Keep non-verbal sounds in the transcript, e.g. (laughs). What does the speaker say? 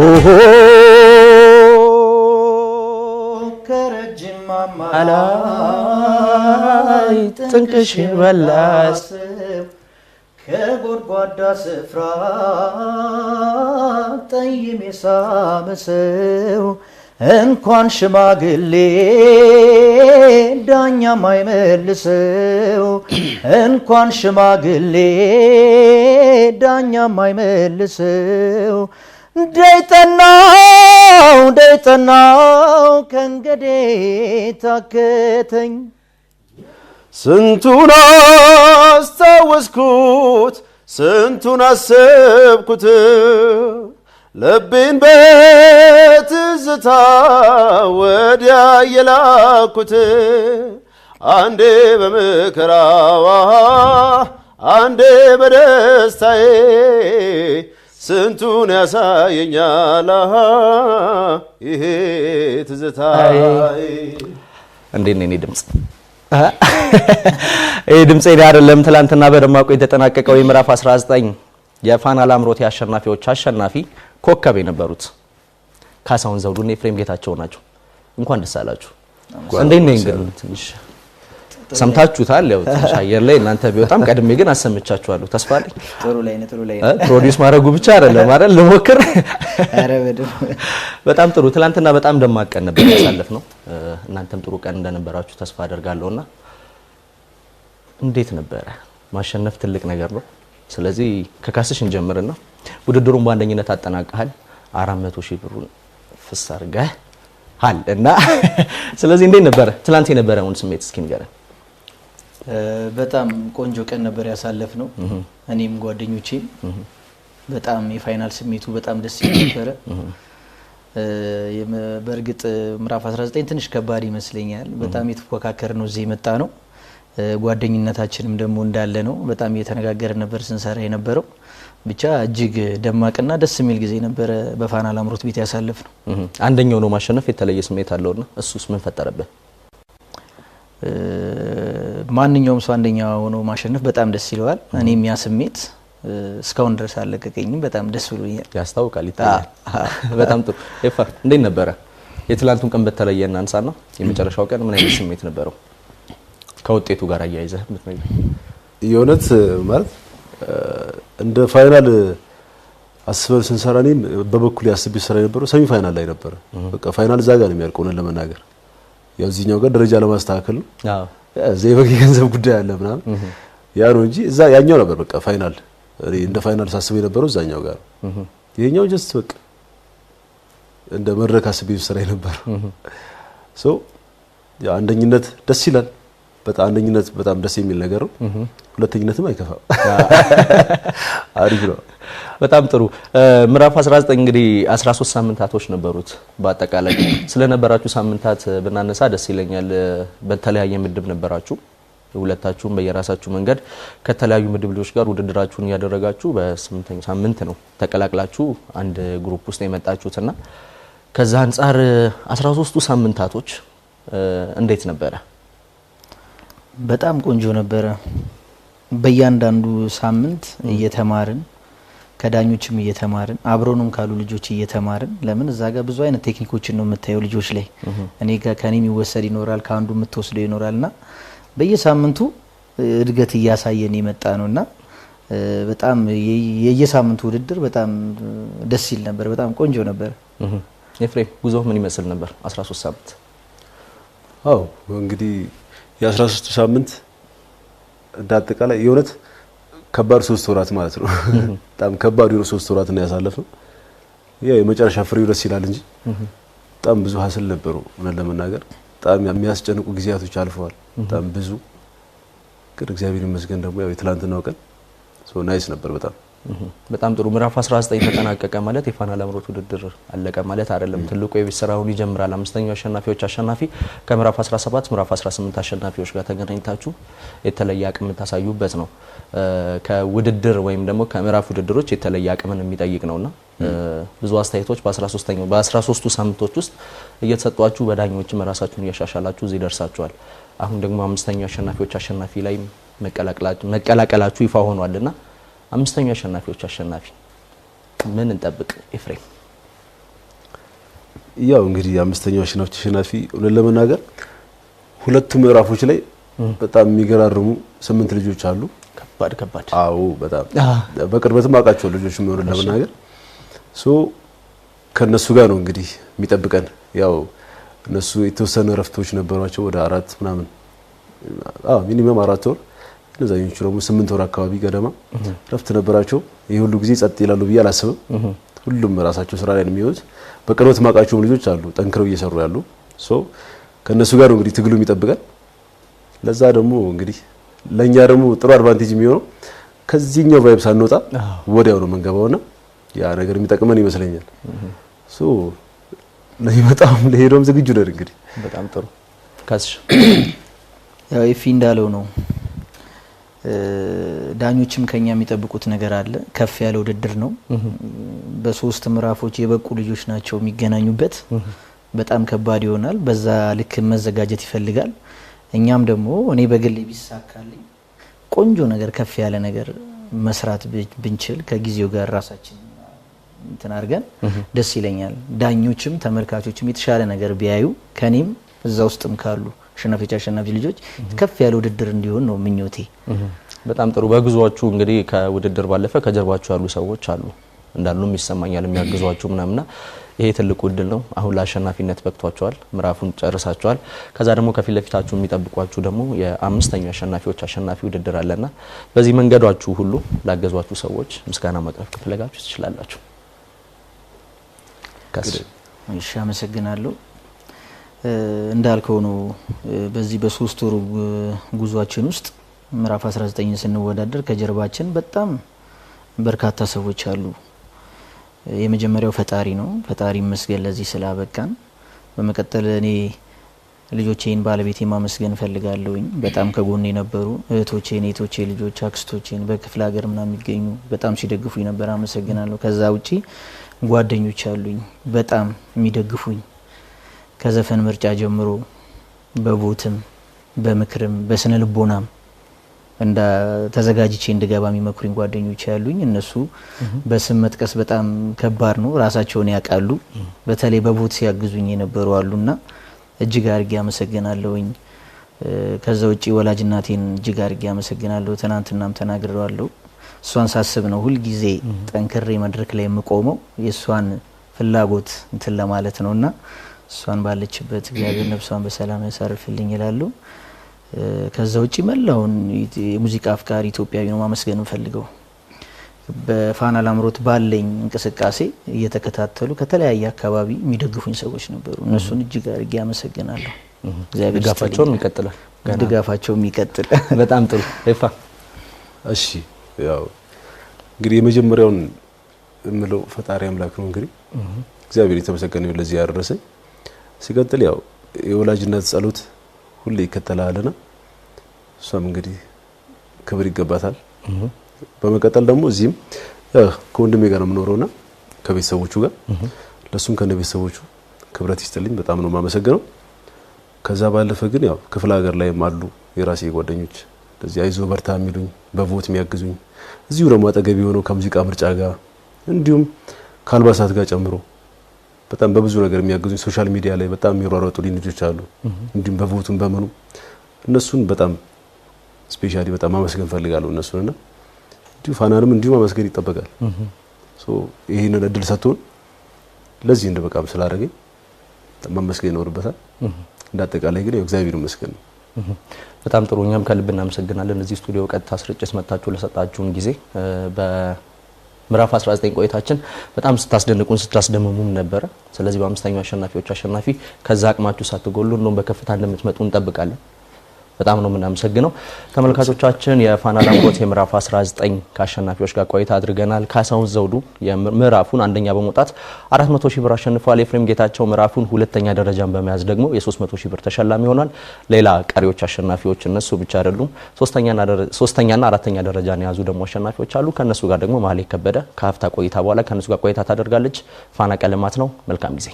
ኦሆ ከረጅም ማማ ላይ በላስ ከጎድጓዳ ስፍራ ጠይም የሳመ ሰው እንኳን ሽማግሌ ዳኛ ማይመልሰው እንኳን ሽማግሌ ዳኛ ማይመልሰው ደይጠናው ደይጠናው ከንገዴ ታከተኝ ስንቱን አስታወስኩት ስንቱን አሰብኩት ልቤን በትዝታ ወዲያ የላኩት አንዴ በምክራዋ አንዴ በደስታዬ ስንቱን ያሳየኛል ይሄ ትዝታ። እንዴት ነው ድምፅ? ይህ ድምፅ ኔ አይደለም። ትላንትና በደማቁ የተጠናቀቀው የምዕራፍ 19 የፋና ላምሮት የአሸናፊዎች አሸናፊ ኮከብ የነበሩት ካሳሁን ዘውዱና ኤፍሬም ጌታቸው ናቸው። እንኳን ደስ አላችሁ። እንዴት ነው ትንሽ ሰምታችሁታል። ያው ትንሽ አየር ላይ እናንተ ቢወጣም ቀድሜ ግን አሰምቻችኋለሁ። ተስፋ አለኝ ፕሮዲውስ ማድረጉ ብቻ አይደለም አይደል? ልሞክር። በጣም ጥሩ። ትናንትና በጣም ደማቅ ቀን ነበር ያሳለፍ ነው። እናንተም ጥሩ ቀን እንደነበራችሁ ተስፋ አደርጋለሁና እንዴት ነበረ? ማሸነፍ ትልቅ ነገር ነው። ስለዚህ ከካስሽ እንጀምርና ውድድሩን በአንደኝነት አጠናቀሃል። 400 ሺህ ብሩን ፍስ አድርገሃል እና ስለዚህ እንዴት ነበረ ትናንት የነበረውን ስሜት እስኪ ንገረን። በጣም ቆንጆ ቀን ነበር ያሳለፍ ነው። እኔም ጓደኞቼም በጣም የፋይናል ስሜቱ በጣም ደስ ነበረ። በእርግጥ ምዕራፍ 19 ትንሽ ከባድ ይመስለኛል። በጣም የተፎካከር ነው እዚህ የመጣ ነው። ጓደኝነታችንም ደግሞ እንዳለ ነው። በጣም እየተነጋገረ ነበር ስንሰራ የነበረው። ብቻ እጅግ ደማቅና ደስ የሚል ጊዜ ነበረ በፋና ላምሮት ቤት ያሳለፍ ነው። አንደኛው ነው ማሸነፍ የተለየ ስሜት አለውና እሱስ ምን ፈጠረብህ? ማንኛውም ሰው አንደኛ ሆኖ ማሸነፍ በጣም ደስ ይለዋል። እኔም ያ ስሜት እስካሁን ድረስ አለቀቀኝም። በጣም ደስ ብሎኛል። ያስታውቃል፣ ይታያል። በጣም ጥሩ ኤፋ፣ እንዴት ነበረ የትላንቱን ቀን በተለየ እናንሳ ነው። የመጨረሻው ቀን ምን አይነት ስሜት ነበረው? ከውጤቱ ጋር አያይዘህ የምትነግረኝ የእውነት ማለት እንደ ፋይናል አስበን ስንሰራ እኔም በበኩል ያስብ ስራ የነበረው ሰሚ ፋይናል ላይ ነበረ። በቃ ፋይናል እዛ ጋር ነው የሚያልቀው ለመናገር የዚህኛው ጋር ደረጃ ለማስተካከል ነው። እዚያ የበቂ ገንዘብ ጉዳይ አለ ምናምን ያ ነው እንጂ እዛ ያኛው ነበር በቃ ፋይናል እንደ ፋይናል ሳስበው የነበረው እዛኛው ጋር ነው። ይሄኛው ጀስት በቃ እንደ መድረክ አስቤ ስራ የነበረው ሶ አንደኝነት ደስ ይላል። በጣም አንደኝነት በጣም ደስ የሚል ነገር ነው። ሁለተኝነትም አይከፋም፣ (laughs) አሪፍ ነው። በጣም ጥሩ ምዕራፍ 19 እንግዲህ 13 ሳምንታቶች ነበሩት። በአጠቃላይ ስለነበራችሁ ሳምንታት ብናነሳ ደስ ይለኛል። በተለያየ ምድብ ነበራችሁ ሁለታችሁም በየራሳችሁ መንገድ ከተለያዩ ምድብ ልጆች ጋር ውድድራችሁን እያደረጋችሁ በስምንተኛው ሳምንት ነው ተቀላቅላችሁ አንድ ግሩፕ ውስጥ የመጣችሁትና ከዛ አንጻር 13ቱ ሳምንታቶች እንዴት ነበረ? በጣም ቆንጆ ነበረ። በእያንዳንዱ ሳምንት እየተማርን ከዳኞችም እየተማርን አብሮንም ካሉ ልጆች እየተማርን ለምን እዛ ጋር ብዙ አይነት ቴክኒኮችን ነው የምታየው ልጆች ላይ እኔ ከኔ የሚወሰድ ይኖራል፣ ከአንዱ የምትወስደው ይኖራል እና በየሳምንቱ እድገት እያሳየን የመጣ ነው እና በጣም የየሳምንቱ ውድድር በጣም ደስ ይል ነበር። በጣም ቆንጆ ነበር። ኤፍሬም ጉዞ ምን ይመስል ነበር? 13 ሳምንት። አዎ እንግዲህ የ 13 ሳምንት እንዳጠቃላይ የእውነት ከባድ ሶስት ወራት ማለት ነው። በጣም ከባድ የሆነ ሶስት ወራት ነው ያሳለፍነው። ያው የመጨረሻ ፍሬው ደስ ይላል እንጂ በጣም ብዙ ሀስል ነበሩ። እውነት ለመናገር በጣም የሚያስጨንቁ ጊዜያቶች አልፈዋል። በጣም ብዙ ግን እግዚአብሔር ይመስገን ደግሞ ያው የትላንትናው ቀን ናይስ ነበር በጣም በጣም ጥሩ ምዕራፍ 19 ተጠናቀቀ ማለት የፋና ላምሮት ውድድር አለቀ ማለት አይደለም። ትልቁ የቤት ስራውን ይጀምራል። አምስተኛው አሸናፊዎች አሸናፊ ከምዕራፍ 17 ምዕራፍ 18 አሸናፊዎች ጋር ተገናኝታችሁ የተለየ አቅም የምታሳዩበት ነው። ከውድድር ወይም ደግሞ ከምዕራፍ ውድድሮች የተለየ አቅምን የሚጠይቅ ነውና ብዙ አስተያየቶች በ13ኛው በ13ቱ ሳምንቶች ውስጥ እየተሰጧችሁ በዳኞችም ራሳችሁን እያሻሻላችሁ እዚህ ደርሳችኋል። አሁን ደግሞ አምስተኛው አሸናፊዎች አሸናፊ ላይ መቀላቀላችሁ ይፋ ሆኗልና አምስተኛው አሸናፊዎች አሸናፊ ምን እንጠብቅ ኤፍሬም? ያው እንግዲህ አምስተኛው አሸናፊዎች አሸናፊ እውነት ለመናገር ሁለቱ ምዕራፎች ላይ በጣም የሚገራርሙ ስምንት ልጆች አሉ። ከባድ ከባድ። አዎ በጣም በቅርበትም አውቃቸው ልጆች እውነት ለመናገር ሶ ከነሱ ጋር ነው እንግዲህ የሚጠብቀን። ያው እነሱ የተወሰነ እረፍቶች ነበሯቸው ወደ አራት ምናምን አዎ ሚኒመም አራት ወር እነዛኞቹ ደግሞ ስምንት ወር አካባቢ ገደማ ረፍት ነበራቸው። ይህ ሁሉ ጊዜ ጸጥ ይላሉ ብዬ አላስብም። ሁሉም ራሳቸው ስራ ላይ ነው የሚሆኑት። በቅርበት ማውቃቸውም ልጆች አሉ ጠንክረው እየሰሩ ያሉ። ከእነሱ ጋር እንግዲህ ትግሉ የሚጠብቀን ለዛ ደግሞ እንግዲህ ለእኛ ደግሞ ጥሩ አድቫንቴጅ የሚሆነው ከዚህኛው ቫይብ ሳንወጣ ወዲያው ነው መንገባውና ያ ነገር የሚጠቅመን ይመስለኛል። ሶ ለሚመጣውም ለሄደውም ዝግጁ ነን። እንግዲህ በጣም ጥሩ (clears throat) ካስሽ (clears throat) ያው ይፊ እንዳለው ነው ዳኞችም ከኛ የሚጠብቁት ነገር አለ። ከፍ ያለ ውድድር ነው። በሶስት ምዕራፎች የበቁ ልጆች ናቸው የሚገናኙበት። በጣም ከባድ ይሆናል። በዛ ልክ መዘጋጀት ይፈልጋል። እኛም ደግሞ እኔ በግሌ ቢሳካልኝ ቆንጆ ነገር ከፍ ያለ ነገር መስራት ብንችል ከጊዜው ጋር ራሳችን እንትን አድርገን ደስ ይለኛል። ዳኞችም ተመልካቾችም የተሻለ ነገር ቢያዩ ከኔም እዛ ውስጥም ካሉ አሸናፊዎች አሸናፊ ልጆች ከፍ ያለ ውድድር እንዲሆን ነው ምኞቴ። በጣም ጥሩ። በጉዟችሁ እንግዲህ ከውድድር ባለፈ ከጀርባችሁ ያሉ ሰዎች አሉ እንዳሉም ይሰማኛል የሚያግዟችሁ ምናምና ይሄ ትልቁ እድል ነው። አሁን ለአሸናፊነት በቅቷቸዋል፣ ምዕራፉን ጨርሳቸዋል። ከዛ ደግሞ ከፊት ለፊታችሁ የሚጠብቋችሁ ደግሞ የአምስተኛው አሸናፊዎች አሸናፊ ውድድር አለና በዚህ መንገዷችሁ ሁሉ ላገዟችሁ ሰዎች ምስጋና ማቅረብ ከፈለጋችሁ ትችላላችሁ። እሺ፣ አመሰግናለሁ። እንዳልከው ነው። በዚህ በሶስት ወሩ ጉዟችን ውስጥ ምዕራፍ 19 ስንወዳደር ከጀርባችን በጣም በርካታ ሰዎች አሉ። የመጀመሪያው ፈጣሪ ነው። ፈጣሪ መስገን ለዚህ ስላበቃን። በመቀጠል እኔ ልጆቼን ባለቤቴ ማመስገን ፈልጋለሁኝ። በጣም ከጎን የነበሩ እህቶቼን፣ የቶቼ ልጆች፣ አክስቶቼን በክፍለ ሀገር ምና የሚገኙ በጣም ሲደግፉኝ ነበር። አመሰግናለሁ። ከዛ ውጪ ጓደኞች አሉኝ በጣም የሚደግፉኝ ከዘፈን ምርጫ ጀምሮ በቦትም በምክርም በስነ ልቦናም እንደ ተዘጋጅቼ እንድገባ የሚመክሩኝ ጓደኞች ያሉኝ እነሱ በስም መጥቀስ በጣም ከባድ ነው። ራሳቸውን ያውቃሉ። በተለይ በቦት ሲያግዙኝ የነበሩ አሉና እጅግ አድርጌ አመሰግናለሁኝ። ከዛ ውጭ ወላጅ እናቴን እጅግ አድርጌ አመሰግናለሁ። ትናንትናም ተናግረዋለሁ። እሷን ሳስብ ነው ሁልጊዜ ጠንክሬ መድረክ ላይ የምቆመው የእሷን ፍላጎት እንትን ለማለት ነውና እሷን ባለችበት እግዚአብሔር ነፍሷን በሰላም ያሳርፍልኝ ይላሉ። ከዛ ውጭ መላውን የሙዚቃ አፍቃሪ ኢትዮጵያዊ ነው ማመስገን እንፈልገው በፋና ላምሮት ባለኝ እንቅስቃሴ እየተከታተሉ ከተለያየ አካባቢ የሚደግፉኝ ሰዎች ነበሩ። እነሱን እጅግ አድርጌ አመሰግናለሁ። ድጋፋቸውም ይቀጥላል። ድጋፋቸው ይቀጥል። በጣም ጥሩ ፋ እሺ ያው እንግዲህ የመጀመሪያውን የምለው ፈጣሪ አምላክ ነው። እንግዲህ እግዚአብሔር የተመሰገነ ለዚህ ያደረሰኝ ሲቀጥል ያው የወላጅነት ጸሎት ሁሌ ይከተላልና እሷም እንግዲህ ክብር ይገባታል። በመቀጠል ደግሞ እዚህም ከወንድሜ ጋር ነው የምኖረውና ከቤተሰቦቹ ጋር ለሱም ከነ ቤተሰቦቹ ክብረት ይስጥልኝ በጣም ነው የማመሰግነው። ከዛ ባለፈ ግን ያው ክፍለ ሀገር ላይም አሉ የራሴ ጓደኞች እንደዚህ አይዞ በርታ የሚሉኝ በቮት የሚያግዙኝ እዚሁ ደግሞ አጠገቢ የሆነው ከሙዚቃ ምርጫ ጋር እንዲሁም ከአልባሳት ጋር ጨምሮ በጣም በብዙ ነገር የሚያግዙኝ ሶሻል ሚዲያ ላይ በጣም የሚሯሯጡ ልጆች አሉ። እንዲሁም በቮቱም በምኑ እነሱን በጣም ስፔሻሊ በጣም ማመስገን ፈልጋለሁ እና እንዲሁ ፋናንም እንዲሁ ማመስገን ይጠበቃል። ሶ ይህንን እድል ሰጥቶን ለዚህ እንደ በቃም ስላደረገኝ ማመስገን ይኖርበታል። እንደ አጠቃላይ ግን እግዚአብሔር ይመስገን ነው። በጣም ጥሩ። እኛም ከልብ እናመሰግናለን። እዚህ ስቱዲዮ ቀጥታ ስርጭት መጥታችሁ ለሰጣችሁን ጊዜ ምዕራፍ 19 ቆይታችን በጣም ስታስደንቁን ስታስደምሙን ነበረ። ስለዚህ በአምስተኛው አሸናፊዎች አሸናፊ ከዛ አቅማችሁ ሳትጎሉ እንደውም በከፍታ እንደምትመጡ እንጠብቃለን። በጣም ነው የምናመሰግነው ተመልካቾቻችን። የፋና ላምሮት የምዕራፍ 19 ከአሸናፊዎች ጋር ቆይታ አድርገናል። ካሳሁን ዘውዱ ምዕራፉን አንደኛ በመውጣት 400 ሺህ ብር አሸንፏል። ኤፍሬም ጌታቸው ምዕራፉን ሁለተኛ ደረጃን በመያዝ ደግሞ የ300 ሺህ ብር ተሸላሚ ሆኗል። ሌላ ቀሪዎች አሸናፊዎች እነሱ ብቻ አይደሉም። ሶስተኛና አራተኛ ደረጃን የያዙ ደግሞ አሸናፊዎች አሉ። ከእነሱ ጋር ደግሞ መሀል ከበደ ከሀፍታ ቆይታ በኋላ ከእነሱ ጋር ቆይታ ታደርጋለች። ፋና ቀለማት ነው። መልካም ጊዜ